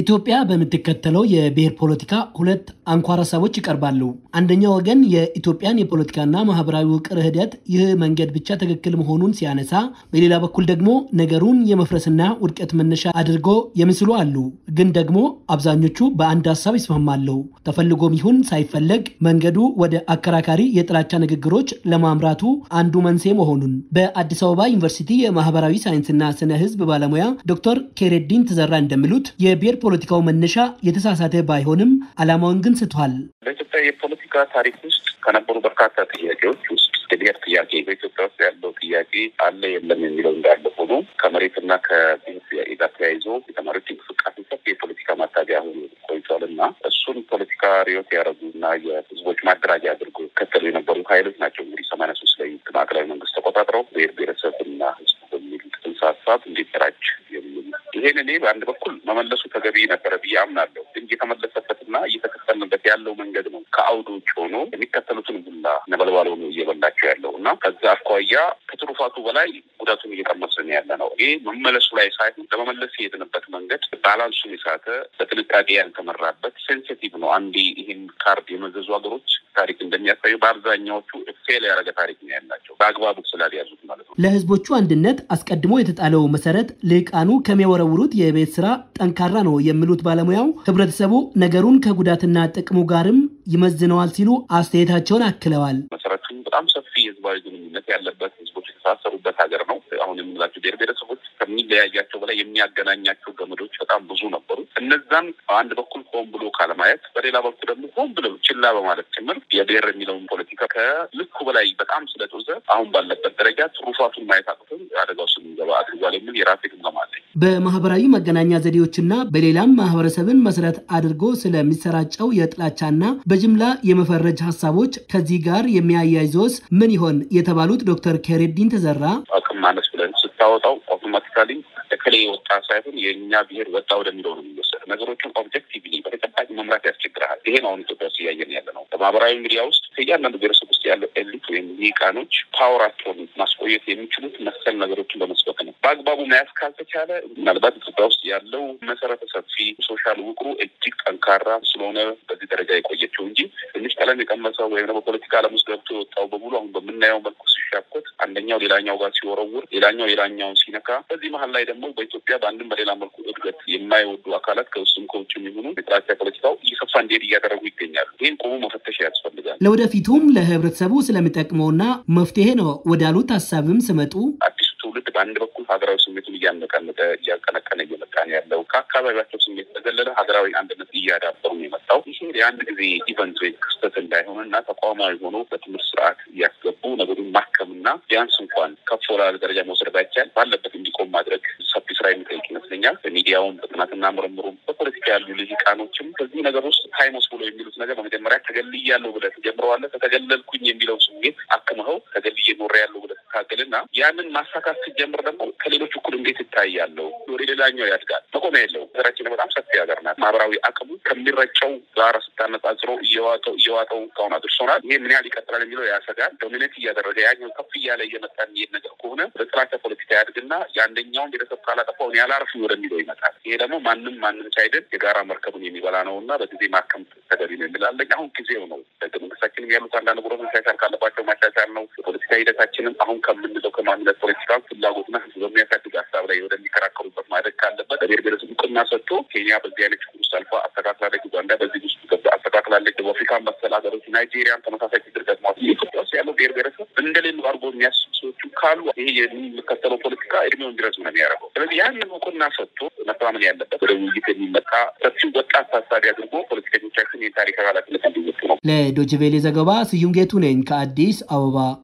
ኢትዮጵያ በምትከተለው የብሔር ፖለቲካ ሁለት አንኳር ሀሳቦች ይቀርባሉ። አንደኛው ወገን የኢትዮጵያን የፖለቲካና ማህበራዊ ውቅር ሂደት ይህ መንገድ ብቻ ትክክል መሆኑን ሲያነሳ፣ በሌላ በኩል ደግሞ ነገሩን የመፍረስና ውድቀት መነሻ አድርጎ የምስሉ አሉ። ግን ደግሞ አብዛኞቹ በአንድ ሀሳብ ይስማማሉ። ተፈልጎም ይሁን ሳይፈለግ መንገዱ ወደ አከራካሪ የጥላቻ ንግግሮች ለማምራቱ አንዱ መንስኤ መሆኑን በአዲስ አበባ ዩኒቨርሲቲ የማህበራዊ ሳይንስና ስነ ህዝብ ባለሙያ ዶክተር ኬሬዲን ተዘራ እንደሚሉት የብሔር የፖለቲካው መነሻ የተሳሳተ ባይሆንም ዓላማውን ግን ስቷል። በኢትዮጵያ የፖለቲካ ታሪክ ውስጥ ከነበሩ በርካታ ጥያቄዎች ውስጥ የብሔር ጥያቄ በኢትዮጵያ ውስጥ ያለው ጥያቄ አለ የለም የሚለው እንዳለ ሆኖ ከመሬትና ከብሔር ጥያቄ ጋር ተያይዞ የተማሪዎች እንቅስቃሴ ሰፊ የፖለቲካ ማታቢያ ሆኖ ቆይቷል እና እሱን ፖለቲካ ሪዮት ያደረጉ እና የህዝቦች ማደራጃ አድርጎ ከተሉ የነበሩ ሀይሎች ናቸው እንግዲህ ሰማንያ ሶስት ላይ ማዕከላዊ መንግስት ተቆጣጥረው ብሔር ብሔረሰብ ብሔረሰብና ህዝብ በሚል ጽንሰ ሀሳብ እንዲደራጅ ይሄን እኔ በአንድ በኩል መመለሱ ተገቢ ነበረ ብዬ አምናለሁ። ግን እየተመለሰበትና እየተከተልንበት ያለው መንገድ ነው ከአውድ ውጭ ሆኖ የሚከተሉትን ሁላ ነበልባል ሆኖ እየበላቸው ያለው እና ከዛ አኳያ ከትሩፋቱ በላይ ጉዳቱን እየቀመሰን ያለ ነው። ይህ መመለሱ ላይ ሳይሆን ለመመለስ የሄድንበት መንገድ ባላንሱን የሳተ በጥንቃቄ ያልተመራበት ሴንሲቲቭ ነው። አንድ ይህን ካርድ የመዘዙ ሀገሮች ታሪክ እንደሚያሳየው በአብዛኛዎቹ ፌል ያደረገ ታሪክ ነው ያላቸው በአግባቡ ስላልያዙት ማለት ነው። ለህዝቦቹ አንድነት አስቀድሞ የተጣለው መሰረት ልቃኑ ከሚወረውሩት የቤት ስራ ጠንካራ ነው የሚሉት ባለሙያው ህብረተሰቡ ነገሩን ከጉዳትና ጥቅሙ ጋርም ይመዝነዋል ሲሉ አስተያየታቸውን አክለዋል። መሰረቱ በጣም ሰፊ ህዝባዊ ግንኙነት ያለበት ህዝቦች የተሳሰሩበት ሀገር ነው። አሁን የምንላቸው ብሔር ብሔረሰ የሚለያያቸው በላይ የሚያገናኛቸው ገመዶች በጣም ብዙ ነበሩ። እነዛን በአንድ በኩል ሆን ብሎ ካለማየት፣ በሌላ በኩል ደግሞ ሆን ብለው ችላ በማለት ጭምር የብሔር የሚለውን ፖለቲካ ከልኩ በላይ በጣም ስለጦዘ አሁን ባለበት ደረጃ ትሩፋቱን ማየት አቅቶን አደጋው ስንገባ አድርጓል የሚል የራሴ ግምገማ አለኝ። በማህበራዊ መገናኛ ዘዴዎችና በሌላም ማህበረሰብን መሰረት አድርጎ ስለሚሰራጨው የጥላቻና በጅምላ የመፈረጅ ሀሳቦች ከዚህ ጋር የሚያያይዞስ ምን ይሆን የተባሉት ዶክተር ኬሬዲን ተዘራ አቅም ማለት ስታወጣው ኦቶማቲካሊ ከላይ የወጣ ሳይሆን የእኛ ብሔር ወጣ ወደሚለው ነው የሚወሰድ። ነገሮችን ኦብጀክቲቭሊ በተጨባጭ መምራት ያስቸግራል። ይሄ ነው አሁን ኢትዮጵያ ውስጥ እያየን ያለ ነው። በማህበራዊ ሚዲያ ውስጥ ከእያንዳንዱ ብሄረሰብ ውስጥ ያለው ኤሊት ወይም ሊቃኖች ፓወራቸውን ማስቆየት የሚችሉት መሰል ነገሮችን በመስበክ ነው። በአግባቡ መያዝ ካልተቻለ ምናልባት ኢትዮጵያ ውስጥ ያለው መሰረተ ሰፊ ሶሻል ውቅሩ እጅግ ጠንካራ ስለሆነ በዚህ ደረጃ የቆየችው እንጂ ትንሽ ቀለም የቀመሰው ወይም ደግሞ ፖለቲካ ዓለም ውስጥ ገብቶ የወጣው በሙሉ አሁን በምናየው መልኩ ሲያኮት አንደኛው ሌላኛው ጋር ሲወረውር፣ ሌላኛው ሌላኛውን ሲነካ፣ በዚህ መሀል ላይ ደግሞ በኢትዮጵያ በአንድም በሌላ መልኩ እድገት የማይወዱ አካላት ከውስም ከውጭ የሚሆኑ የጥላቻ ፖለቲካው እየሰፋ እንዲሄድ እያደረጉ ይገኛሉ። ይህን ቆሞ መፈተሽ ያስፈልጋል። ለወደፊቱም ለህብረተሰቡ ስለሚጠቅመውና መፍትሄ ነው ወዳሉት ሀሳብም ስመጡ በአንድ በኩል ሀገራዊ ስሜቱን እያነቀነቀ እያቀነቀነ እየመጣ ነው ያለው። ከአካባቢያቸው ስሜት በዘለለ ሀገራዊ አንድነት እያዳበሩ ነው የመጣው። ይህ የአንድ ጊዜ ኢቨንት ወይ ክስተት እንዳይሆን እና ተቋማዊ ሆኖ በትምህርት ስርዓት እያስገቡ ነገሩን ማከምና ቢያንስ እንኳን ከፍ ደረጃ መውሰድ ባይቻል ባለበት እንዲቆም ማድረግ ሰፊ ስራ የሚጠይቅ ይመስለኛል። በሚዲያውም በጥናትና ምርምሩም በፖለቲካ ያሉ ልሂቃኖችም በዚህ ነገር ውስጥ ታይሞስ ብሎ የሚሉት ነገር በመጀመሪያ ተገልያለሁ ብለህ ትጀምረዋለህ። ከተገለልኩኝ የሚለው ስሜት አክመኸው ተገልዬ ኖሬያለሁ ብለህ መካከል እና ያንን ማሳካት ሲጀምር ደግሞ ከሌሎች እኩል እንዴት ይታያለው ወደ ሌላኛው ያድጋል። መቆሚያ የለውም። ሀገራችን በጣም ሰፊ ሀገር ናት። ማህበራዊ አቅሙ ከሚረጨው ጋር ስታነጻጽሮ እየዋጠው እየዋጠው ከሆነ አድርሶናል። ይህ ምን ያህል ይቀጥላል የሚለው ያሰጋል። ዶሚኔት እያደረገ ያኛው ከፍ እያለ እየመጣ የሚሄድ ነገር ከሆነ በጥላቻ ፖለቲካ ያድግና የአንደኛውን ቤተሰብ ካላጠፋውን ያላርፍ ወደሚለው ይመጣል። ይሄ ደግሞ ማንም ማንም ሳይደል የጋራ መርከቡን የሚበላ ነው እና በጊዜ ማከም ተገቢ ነው የሚላለኝ አሁን ጊዜው ነው። ህገ መንግስታችንም ያሉት አንዳንድ ጉረቶ ማሻሻል ካለባቸው ማሻሻል ነው። የፖለቲካ ሂደታችንም አሁን ከምንለው ከማንነት ፖለቲካ ፍላጎትና ህዝብ በሚያሳድግ ሀሳብ ላይ ወደሚከራከሩበት ማድረግ ካለበት ብሔር ብሔረሰብ እውቅና ሰጥቶ ኬንያ በዚህ አይነት ችግር ውስጥ አልፋ አስተካክላለች፣ ኡጋንዳ በዚህ ውስጥ ገባ አስተካክላለች፣ ደቡብ አፍሪካ መሰል ሀገሮች ናይጄሪያን ተመሳሳይ ችግር ገጥሟት ኢትዮጵያ ውስጥ ያለው ብሔር ብሔረሰብ እንደሌሉ አድርጎ የሚያስብ ሰዎቹ ካሉ ይህ የሚከተለው ፖለቲካ እድሜው እንዲረዝ ነው የሚያደርገው። ስለዚህ ያንን እውቅና ሰጥቶ መተማመን ያለበት ወደ ውይይት የሚመጣ ሰፊው ወጣት ታሳቢ አድርጎ ፖለቲከኞቻችን የታሪክ ኃላፊነት እንዲወጡ ነው። ለዶችቬሌ ዘገባ ስዩም ጌቱ ነኝ ከአዲስ አበባ።